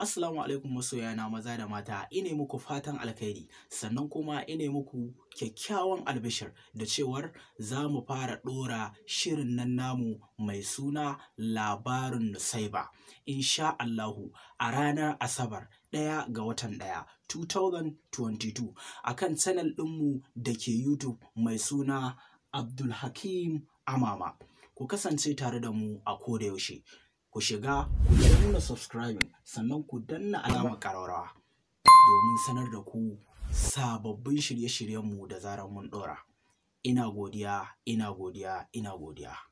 Assalamu alaikum masoya na maza da mata, ina muku fatan alkhairi, sannan kuma ina muku kyakkyawan albishir da cewar za mu fara ɗora shirin nan namu mai suna labarin Nusaiba. Insha Allahu a ranar Asabar ɗaya ga watan ɗaya 2022 a kan sanal ɗinmu da ke YouTube mai suna Abdulhakim Amama. Ku kasance tare da mu a koda yaushe. ku shiga ku danna subscribing sannan ku danna alamar ƙararrawa domin sanar da ku sababbin shirye-shiryenmu da zarar mun ɗora. Ina godiya, ina godiya, ina godiya.